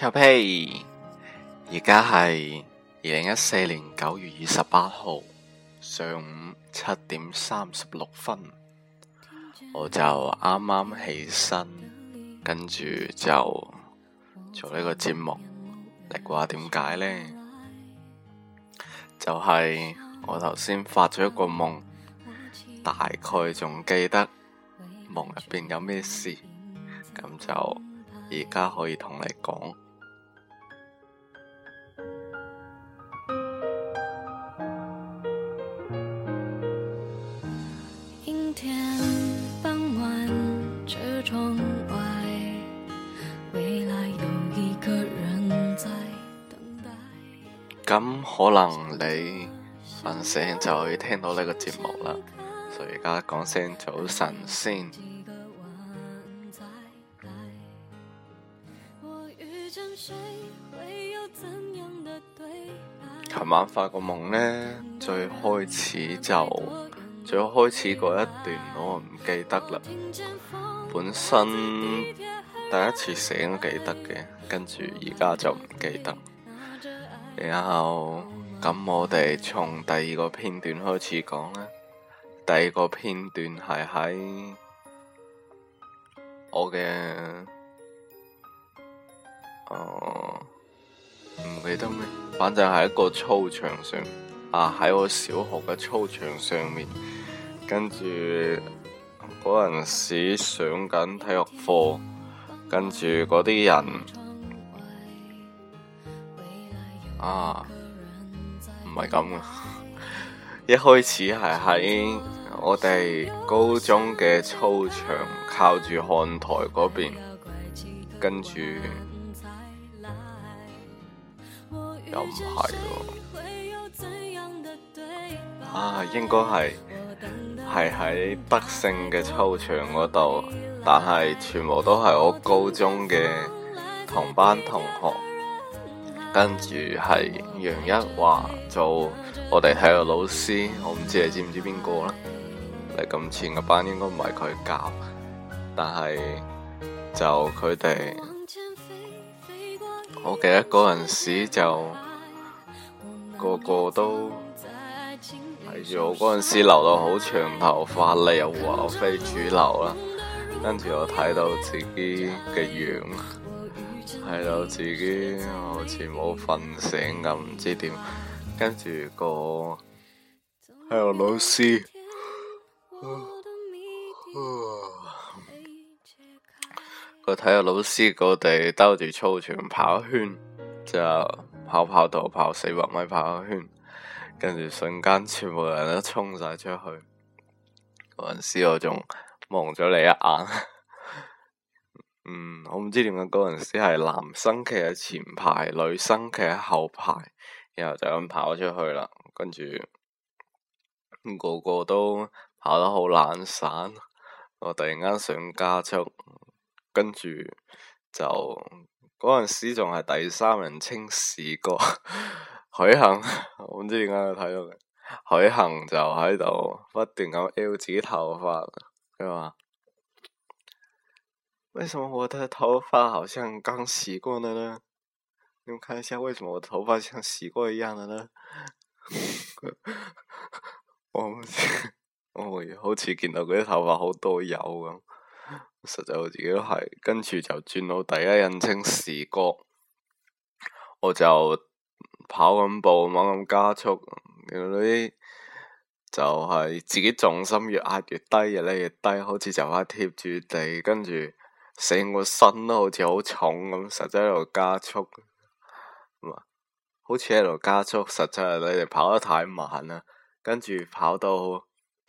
臭屁！而家係二零一四年九月二十八號上午七點三十六分，我就啱啱起身，跟住就做呢個節目。你話點解下呢？就係、是、我頭先發咗一個夢，大概仲記得夢入邊有咩事，咁就而家可以同你講。可能你瞓醒就可以聽到呢個節目啦，所以而家講聲早晨先。琴晚發個夢呢，最開始就最開始嗰一段我唔記得啦。本身第一次醒都記得嘅，跟住而家就唔記得。然後咁我哋從第二個片段開始講啦。第二個片段係喺我嘅，哦唔記得咩？反正係一個操場上面，啊喺我小學嘅操場上面，跟住嗰陣時上緊體育課，跟住嗰啲人。啊，唔係咁嘅， 一開始係喺我哋高中嘅操場，靠住看台嗰邊，跟住又唔係喎，啊，應該係係喺德勝嘅操場嗰度，但係全部都係我高中嘅同班同學。跟住係楊一華做我哋體育老師，我唔知你知唔知邊個啦？你咁前嘅班應該唔係佢教，但係就佢哋，我記得嗰陣時就個個都睇住我嗰陣時留到好長頭髮，你又話我非主流啦，跟住我睇到自己嘅樣。係咯，自己好似冇瞓醒咁，唔知點，跟住、那個那個啊啊那個體育老師，個體育老師個地兜住操場跑圈，就跑跑道跑四百米跑一圈，跟住瞬間全部人都衝晒出去，嗰陣時我仲望咗你一眼。嗯，我唔知點解嗰陣時係男生企喺前排，女生企喺後排，然後就咁跑出去啦。跟住、嗯、個個都跑得好懶散，我突然間想加速，跟住就嗰陣時仲係第三人稱視角。許 恒，我唔知點解睇到佢，許恒就喺度不斷咁撩自己頭髮，佢話。為什麼我的頭髮好像剛洗過的呢？你們看一下，為什麼我頭髮像洗過一樣的呢？我 我好似見到佢啲頭髮好多油咁，實際我自己都係。跟住就轉到第一人稱視角，我就跑緊步，猛咁加速，嗰呢，就係、是、自己重心越壓越低，越嚟越低，好似就快貼住地，跟住。成個身都好似好重咁，實際喺度加速，嗯、好似喺度加速。實際係你哋跑得太慢啦，跟住跑,跑到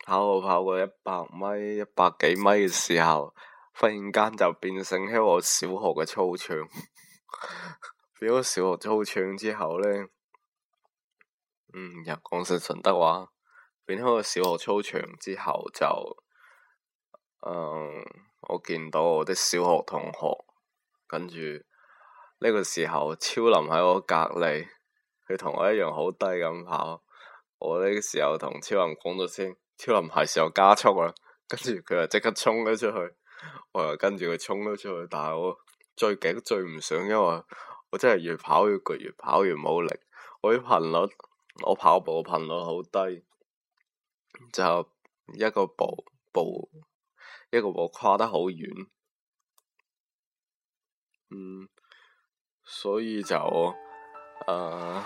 跑過跑過一百米、一百幾米嘅時候，忽然間就變成喺我小學嘅操場， 變咗小學操場之後咧，嗯，又講實順德話，變咗個小學操場之後就，嗯。我見到我的小學同學，跟住呢個時候，超林喺我隔籬，佢同我一樣好低咁跑。我呢個時候同超林講咗聲，超林係時候加速啦，跟住佢就即刻衝咗出去，我又跟住佢衝咗出去。但係我最勁追唔上，因為我真係越跑越攰，越跑越冇力。我啲頻率，我跑步嘅頻率好低，就一個步步。一個步跨得好遠，嗯，所以就，誒、啊，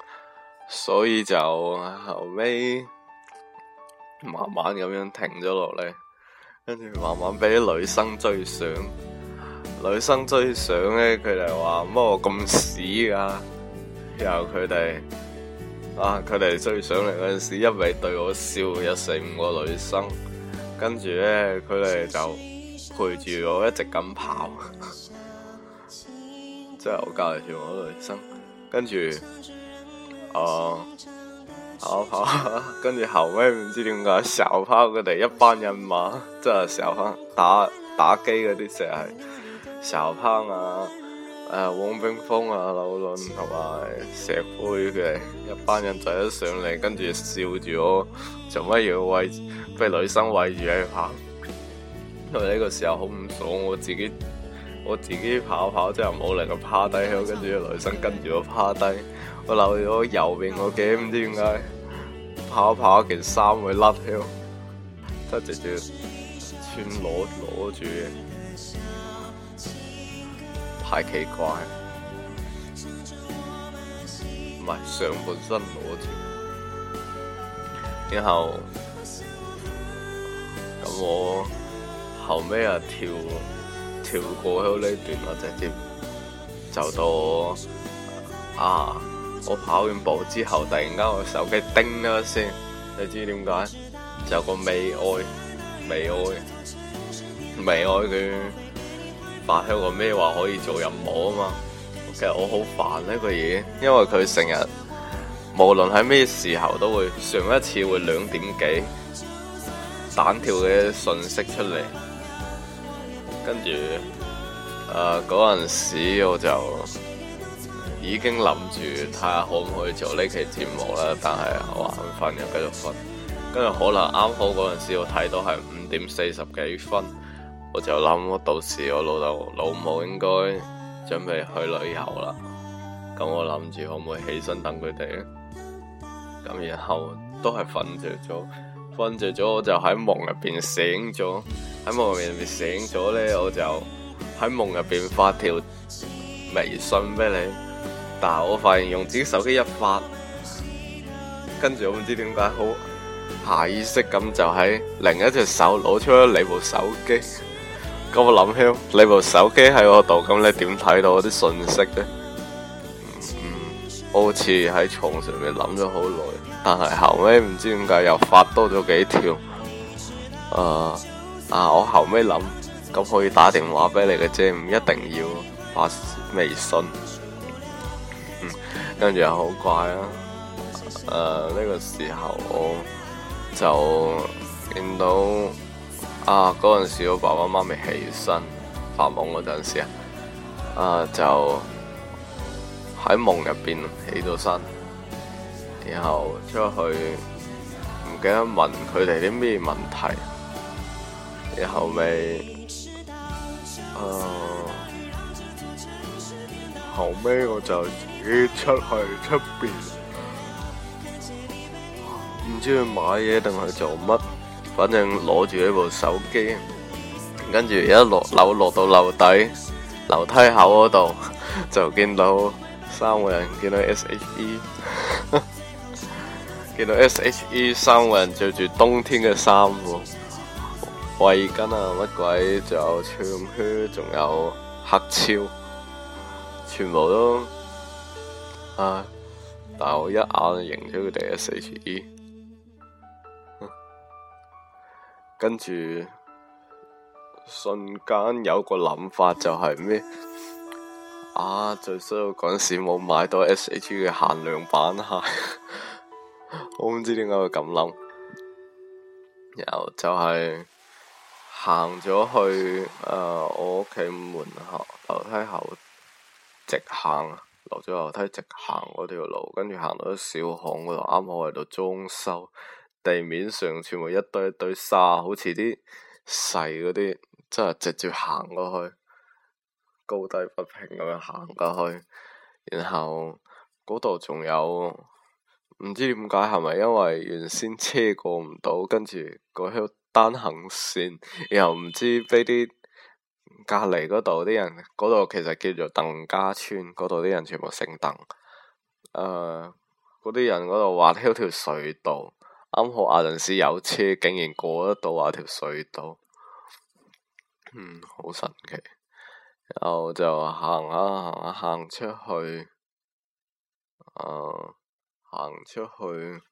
所以就後尾慢慢咁樣停咗落嚟，跟住慢慢畀啲女生追上，女生追上咧，佢哋話：乜我咁屎噶？然後佢哋。啊！佢哋追上嚟嗰陣時，一味對我笑，有四五個女生，跟住呢，佢哋就陪住我一直咁跑，即係我教住五個女生，跟住，哦、啊，跑、啊、跑、啊啊啊，跟住後屘唔知點解小胖佢哋一班人馬，即係小胖打打機嗰啲就係小胖啊。誒，黃冰峰啊，劉倫同埋石灰嘅一班人仔一上嚟，跟住笑住我做乜嘢圍被女生圍住喺度跑，因為呢個時候好唔爽，我自己我自己跑一跑之後冇能夠趴低，喺度，跟住個女生跟住我趴低，我留咗右邊個肩唔知點解跑跑件衫會甩喺度，即就直接穿攞攞住嘅。太奇怪，唔係上半身攞住，然後咁我後尾就跳跳過咗呢段啊，直接就到我啊，我跑完步之後，突然間我手機叮咗一聲，你知點解？就個美愛，美愛，美愛嘅。發香港咩話可以做任務啊嘛？其實我好煩呢個嘢，因為佢成日無論喺咩時候都會上一次會兩點幾彈跳嘅信息出嚟，跟住誒嗰陣時我就已經諗住睇下可唔可以做呢期節目啦。但係、呃、我瞓又繼續瞓，跟住可能啱好嗰陣時我睇到係五點四十幾分。我就諗，到時我老豆老母應該準備去旅遊啦。咁我諗住可唔可以起身等佢哋？咁然後都係瞓着咗，瞓着咗我就喺夢入邊醒咗，喺夢入邊醒咗咧，我就喺夢入邊發條微信俾你。但係我發現用自己手機一發，跟住我唔知點解好下意識咁就喺另一隻手攞出咗你部手機。咁我諗起你部手機喺我度，咁你點睇到我啲信息咧？嗯，嗯我好似喺床上面諗咗好耐，但係後尾唔知點解又發多咗幾條。誒、呃，啊，我後尾諗，咁可以打電話俾你嘅啫，唔一定要發微信。嗯，跟住又好怪啊。誒、呃、呢、這個時候我就見到。啊！嗰陣時我爸爸媽媽未起身，發夢嗰陣時啊，誒就喺夢入面起咗身，然後出去唔記得問佢哋啲咩問題，然後咪誒，啊、後尾我就自己出去出邊，唔知去買嘢定係做乜。反正攞住呢部手機，跟住一落樓落，落到樓底樓梯口嗰度， 就見到三個人，見到 S.H.E， 見到 S.H.E 三個人穿着住冬天嘅衫褲、圍巾啊乜鬼，仲有長靴，仲有黑超，全部都啊！但我一眼就認出佢哋係 S.H.E。跟住瞬間有個諗法就係、是、咩啊，最衰我嗰時冇買到 S H 嘅限量版鞋、啊， 我唔知點解會咁諗。然後就係、是、行咗去誒、呃、我屋企門口樓梯口，直行落咗樓梯，直行嗰條路，跟住行到小巷嗰度，啱好喺度裝修。地面上全部一堆一堆沙，好似啲細嗰啲，即係直接行過去，高低不平咁樣行過去。然後嗰度仲有唔知點解，係咪因為原先車過唔到，跟住嗰條單行綫，然後唔知俾啲隔籬嗰度啲人嗰度其實叫做鄧家村，嗰度啲人全部姓鄧。誒、呃，嗰啲人嗰度話呢條隧道。啱好阿陣時有車，竟然過得到那條隧道，嗯，好神奇。然後就行啊行啊行出去，啊行出去，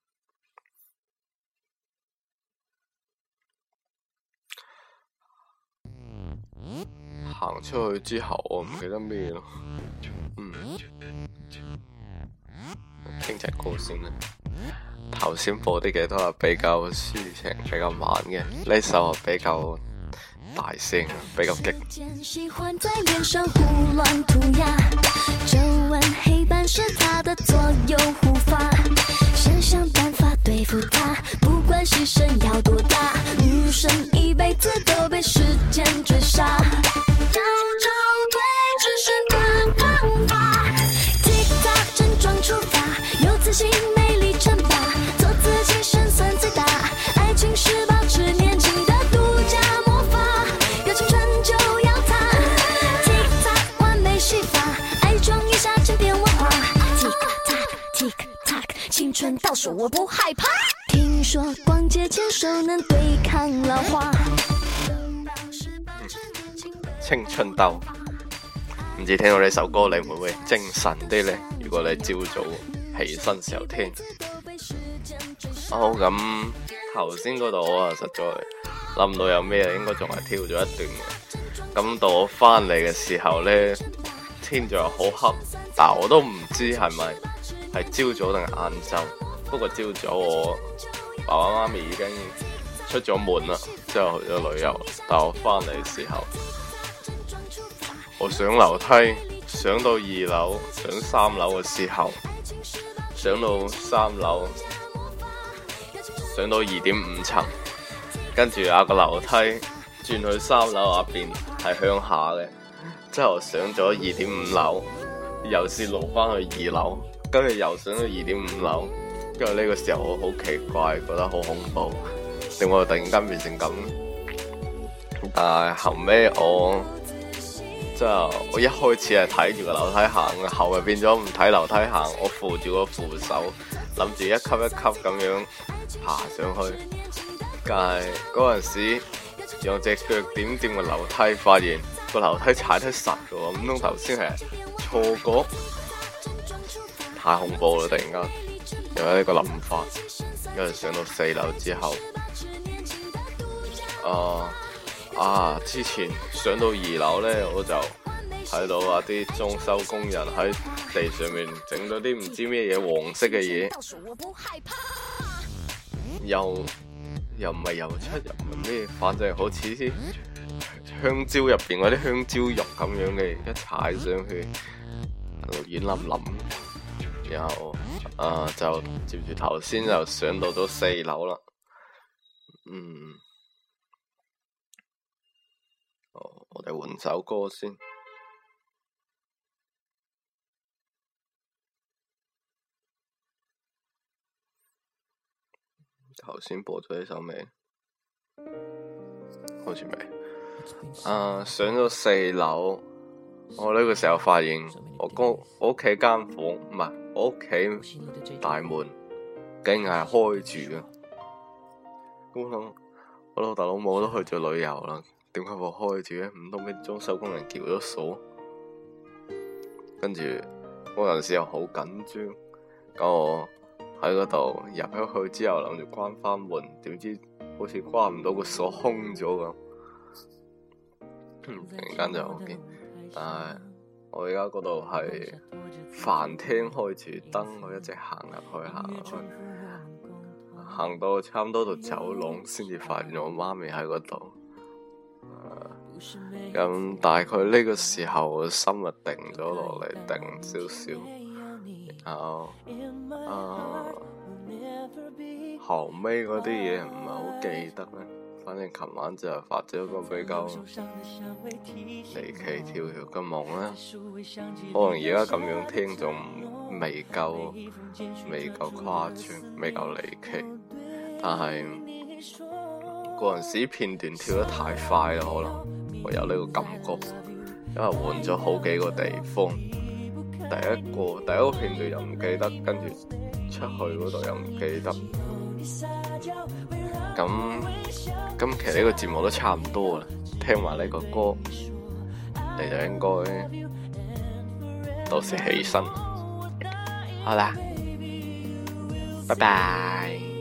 行出去之後，我唔記得咩咯。嗯，聽隻歌先啦。頭先播啲嘅都係比較抒情，比較慢嘅，呢首係比較大聲，比較激。青春倒數我不害怕，聽說逛街牽手能對抗老化。青春痘唔知聽到呢首歌你會唔會精神啲呢？如果你朝早起身時候聽，好咁頭先嗰度我啊實在諗唔到有咩，應該仲係跳咗一段嘅。咁到我翻嚟嘅時候咧，天就好黑，但我都唔知係咪。係朝早定係晏晝，不過朝早我爸爸媽媽已經出咗門啦，之後去咗旅遊。但我翻嚟嘅時候，我上樓梯上到二樓，上三樓嘅時候，上到三樓，上到二點五層，跟住嗰個樓梯轉去三樓下邊係向下嘅，之後上咗二點五樓，又是落返去二樓。跟住又上咗二點五樓，跟住呢個時候我好奇怪，覺得好恐怖，令我突然間變成咁。但係後尾，我即係我一開始係睇住個樓梯行，後又變咗唔睇樓梯行，我扶住個扶手，諗住一級一級咁樣爬上去。但係嗰陣時用隻腳點點個樓梯，發現個樓梯踩得實㗎，咁樣頭先係錯覺。太恐怖啦！突然間又有呢個諗法，因為上到四樓之後，啊啊！之前上到二樓咧，我就睇到啊啲裝修工人喺地上面整咗啲唔知咩嘢黃色嘅嘢，又又唔係油漆又唔係咩，反正好似啲香蕉入邊嗰啲香蕉肉咁樣嘅，一踩上去就軟淋淋。軟軟軟。然後誒、啊，就接住頭先就上到咗四樓啦。嗯，我哋換首歌先。頭先播咗首咩？好似未？誒、啊，上咗四樓，我呢個時候發現我個屋企間房唔係。我屋企大門竟然係開住嘅。咁的我老豆老母都去咗旅遊啦，點解會開住嘅？唔通俾裝修工人撬咗鎖？跟住嗰陣時又好緊張，我喺嗰度入咗去之後諗住關翻門，點知好似關唔到個鎖，空咗咁。突然間就好驚，但係，我而家嗰度係。飯廳開住燈，我一直行入去行，行到差唔多到走廊，先至發現我媽咪喺嗰度。咁、uh, 大概呢個時候，我心就定咗落嚟，定少少。然後，啊，後尾嗰啲嘢唔係好記得咧。反正琴晚就發咗一個比較離奇跳跳嘅夢啦，可能而家咁樣聽仲未夠未夠誇張，未夠離奇，但係嗰陣時片段跳得太快啦，可能我有呢個感覺，因為換咗好幾個地方，第一個第一個片段又唔記得，跟住出去嗰度又唔記得，咁、嗯。咁其實呢個節目都差唔多啦，聽完呢個歌你就應該到時起身，好啦了，拜拜。